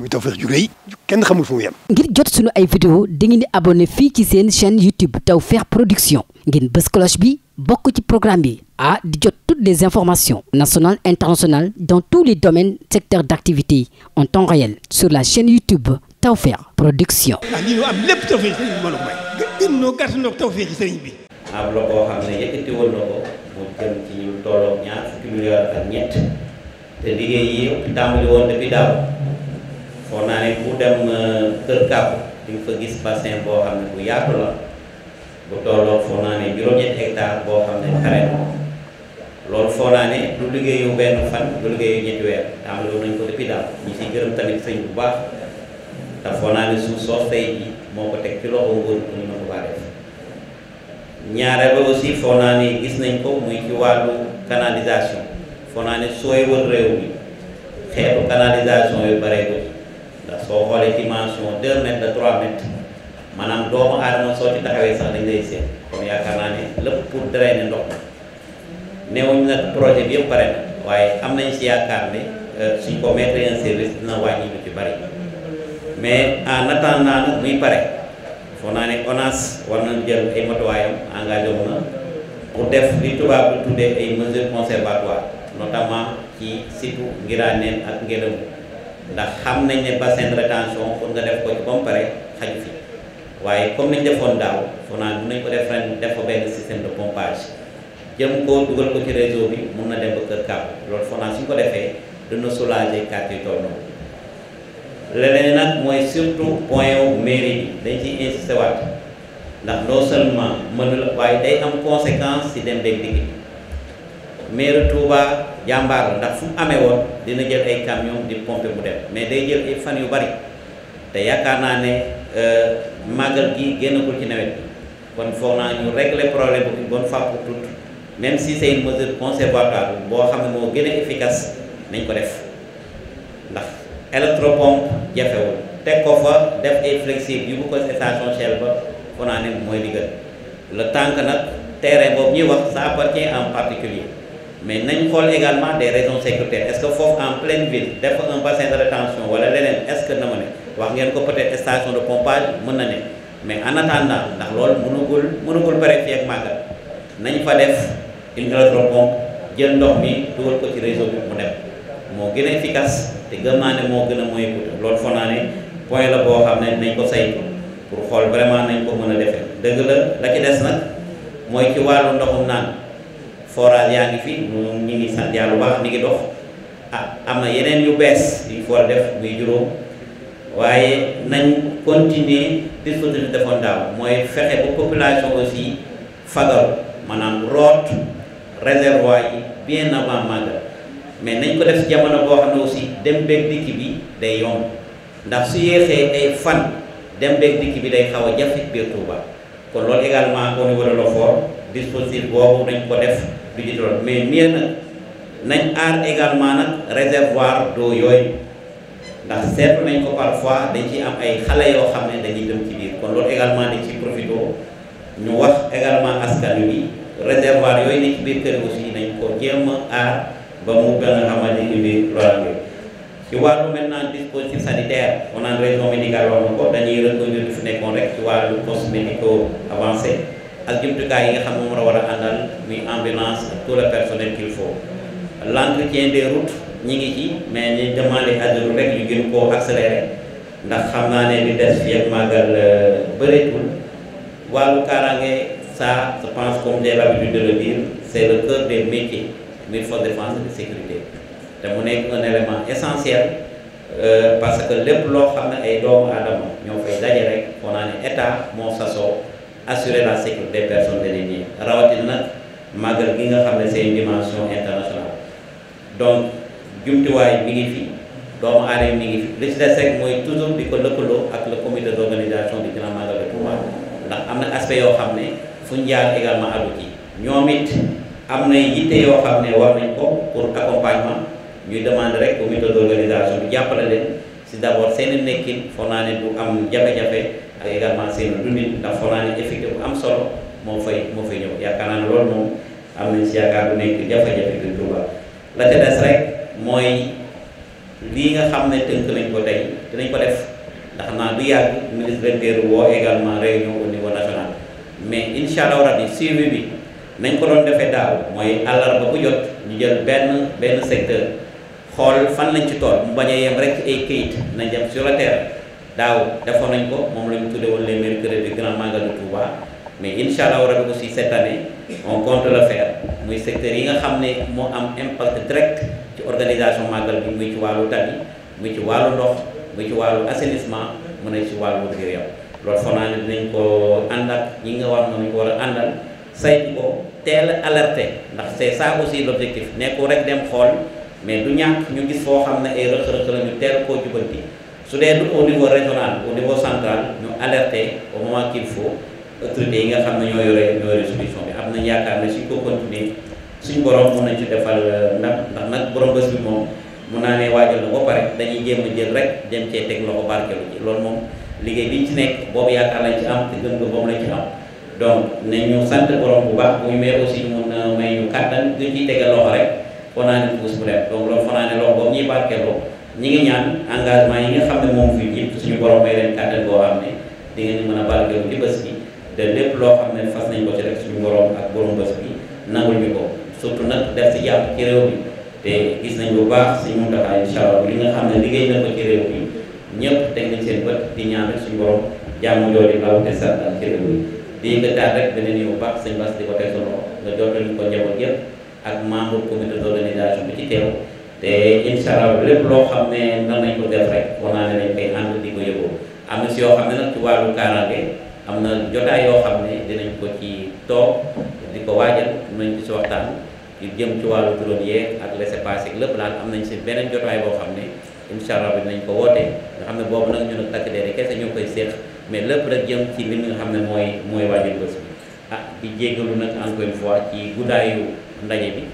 muy Tawfekh ju ngir jot sunu ay vidéo dangeen di abonné fii ci seen chaîne YouTube Tawfekh Production ngeen bës bi bokk ci programme bi ah di jot toutes les informations national internationales dans tous les domaines secteurs d'activité en temps réel sur la chaîne YouTube Tawfekh Production. ah lii ñu am lépp Tawfekh sëriñ bi bi. am na boo xam ne yëkkati woon na ko mu jëm ci ñu tolloog ñaar fukki ak ñett te liggéey yi tàmbali woon depuis daaw. foog naa ne ku dem euh, Kër Kàpp di fa gis bassin boo xam ne bu yaatu la bu tolloo foog naa juróom-ñetti hectare boo xam ne xare loolu foog naa ne du liggéeyu benn fan du liggéeyu ñetti weer tàmbali woon nañ ko depuis daal ñu si gërëm tamit sëñ bu baax te foog naa ne suuf soof moo ko teg ci loxo nguur pour ñu mën ko faa def ñaareel aussi foog gis nañ ko muy ci wàllu canalisation foog sooy wër réew mi xeetu canalisation yu bareegul ndax soo xoolee dimension 2 mètres de 3 mètres maanaam doomu aadama soo ci taxawee sax dañ lay seet kon yaakaar naa ne lépp pour drainer ndox mi neewuñ nag projet yëpp pare na waaye am nañ si yaakaar ne euh, suñ ko mettre en service dina wàññi lu ci bari mais en attendant nag muy pare foo naa ne ONAS war na jël ay matuwaayam engagé wu pour def li tubaab bi tuddee ay mesures conservatoires notamment ci surtout Ngiraneen ak Ngédémou ndax xam nañ ne bassin de rétention pour nga def ko ci ba mu fi waaye comme nañ defoon daaw FONAC nañ ko def ren def ko benn système de pompage jëm koo dugal ko ci réseau bi mun na dem ba kër kaaw loolu FONAC ñu ko defee dina soulager quartier yu toll noonu leneen nag mooy surtout point wu mairie bi dañ ciy insisté waat ndax non seulement mënul waaye day am conséquence si dem beeg dikk maire Touba jàmbaar la ndax fu mu amee woon dina jël ay camion di pomper mu dem mais day jël fan yu bari te yaakaar naa ne euh, màggal gi génnagul ci nawet bi kon foog naa ñu régler problème bu bon fois pour toutes même si c'est une conservatoire boo xam ne moo gën a efficace nañ ko def ndax électropompe jafewul teg ko fa def ay flexible yu bu ko station Shell ba foog naa ne mooy li gën le temps nag terrain boobu ñuy wax ça appartient en particulier mais nañ xool également des raisons sécuritaires est-ce que foofu en pleine ville def un bassin de rétention wala leneen est-ce que na ma ne wax ngeen ko peut-être station de pompage mën na ne mais en attendant ndax loolu mënugul mënugul pare fii ak màggal nañ fa def une électropompe jël ndox mi dugal ko ci réseau bi mu dem moo gën a efficace te gën naa ne moo gën a moyen coûteux loolu foog naa ne point la boo xam ne nañ ko saytu pour xool vraiment nañ ko mën dëgg la la des nag mooy ci wàllu ndoxum naan. forage yaa ngi fi ñu ngi sant yàlla bu mi ngi dox ah am na yeneen yu bees yu ñu def muy juróom waaye nañ continuer dispositif bi defoon mooy fexe ba population aussi fagal maanaam root réservoir yi bien avant màggal mais nañ ko def jamono boo xam ne aussi dem beeg dikk bi day yomb ndax su yéexee ay fan dem beeg dikk bi day xaw a jafe biir Touba kon loolu également au niveau de l'OFOR dispositif boobu nañ ko def du ci mais mieux nag nañ aar également nag réservoir d'eau yooyu ndax seetlu nañ ko parfois dañ ci am ay xale yoo xam ne dañuy dem ci biir kon loolu également dañ ciy profité ñu wax également askan wi réservoir yooyu ne ci biir kër aussi nañ ko jéem a aar ba mu gën a xamal ni ñu loolu ci wàllu maintenant dispositif sanitaire on a région médicale wax na ko dañuy reconduire fi nekkoon rek ci wàllu avancé ak jumtukaay yi nga xam moom la war a àndal muy ambulance ak tout personnel qu'il faut l' entretien des ñi ngi ci mais ñu demandé àddalu rek ñu gën koo accéléré ndax xam naa ne li des fii ak màggal euh, bëreetul wàllu kaaraange ça je pense comme de le dire c' est le cœur des métiers muy force de défense et de sécurité te mu nekk un élément essentiel euh, parce que lépp loo xam ne ay doomu aadama ñoo fay daje rek on a ne état moo sasoo assurer la sécurité des personnes et des biens rawatina nag gi nga xam ne seen une dimension internationale donc jumtuwaay mi ngi fi doomu aadama mi ngi fi li ci des rek mooy toujours di ko lëkkaloo ak le comité d'organisation du grand magal de Touba ndax am na aspect yoo xam ne fu ñu jaar également àddu ñoom it am na yitte yoo xam ne war nañ ko pour accompagnement ñuy demander rek comité d'organisation bi jàppale leen si d'abord seen nekkin foog naa ne bu am jafe ak également seen dundin ndax foog naa ne effectif bu am solo moo fay moo fay ñëw yaakaar naa ne loolu moom am nañ si yaakaar bu nekk jafe-jafe bi Touba la ca des rek mooy lii nga xam ne tënk nañ ko tey dinañ ko def ndax naa du yàgg ministre de l'Intérieur woo également réunion au niveau national mais incha allah rabi bi nañ ko doon defe daaw mooy àllarba bu jot ñu jël benn benn secteur xool fan lañ ci tool mu bañ a yem rek ay kayit nañ dem sur le daaw defoon nañ ko moom lañ tuddee woon les mercredis du grand magal de Touba mais incha allah rabi aussi cette année on compte le faire muy secteur yi nga xam ne moo am impact direct ci organisation magal bi muy ci wàllu tali muy ci wàllu ndox muy ci wàllu assainissement mun ne ci wàllu wér gu loolu foog naa ne dinañ ko ànd ñi nga war nañu ko war a àndal saytu ko teel a alerté ndax c'est ça aussi l'objectif nekkul rek dem xool mais du ñàkk ñu gis foo xam ne ay rëq-rëq la ñu teel su dee au niveau régional au niveau central ñu alerter au moment qu'il faut autorités yi nga xam ne ñoo yore ñoo yore solution bi am nañ yaakaar ne suñ ko continuer suñ borom mun nañ ci defal euh, ndam ndax nag boroom bés bi moom mun naa ne waajal na ba pare dañuy jéem a jël rek dem cee teg loxo barkeelu loolu moom liggéey bi ci nekk boobu yaakaar lañ ci am te gëm nga boobu lañ ci am donc nañu sant borom bu baax muy mais aussi mun may ñu kàttan ñu ciy tegal loxo rek foo bu dem donc loolu foo naa ñi ngi ñaan engagement yi nga xam ne moom fi ñëpp suñu borom may leen kàttan boo xam ne di ngeen mën a barkeel ci bés bi de lépp loo xam ne fas nañ ko ci suñu borom ak borom bés bi nangul ñu ko surtout nag def si jàpp ci bi te gis nañ bu baax si mun taxaa incha allah li nga xam ne liggéey na ko ci bi ñëpp teg nañ seen bët di ñaan rek suñu borom jàmm jooju law te sartal ci réew bi di nga taat rek beneen yi bu baax sëñ Bass di ko teg sa loxo ko njaboot yëpp ak membre comité d'organisation te incha allah lépp loo xam ne nan nañ ko def rek war naa ne dañ koy ànd di ko yóbbu am na si yoo xam ne nag ci wàllu kaaraange am na jotaay yoo xam ne dinañ ko ci toog di ko waajal nañ ci si waxtaan yu jëm ci wàllu drone yeeg ak laissez-passer lépp daal am nañ si beneen jotaay boo xam ne incha allah bi ko woote nga xam ne boobu nag ñun ak takk dee kese ñoo koy séq mais lépp rek jëm ci li nga xam ne mooy mooy waajal bés bi ah di jéggalu nag encore une fois ci guddaayu ndaje bi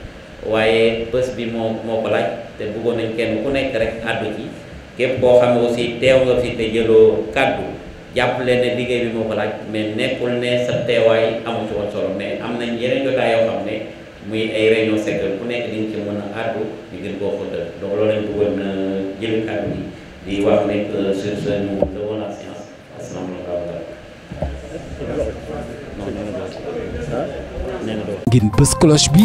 waaye bës bi moo moo ko laaj te bëggoon nañ kenn ku nekk rek àddu ci képp koo xam ne aussi teew nga fi te jëloo kàddu jàpp leen ne liggéey bi moo ko laaj mais nekkul ne sa teewaay amu ci woon solo am nañ yeneen muy ay réunion secteur ku nekk di nga ci mën a di gën koo xóotal donc loolu lañ bëggoon na euh, jël kàddu yi di wax ne sur ce nous devons la science cloche bi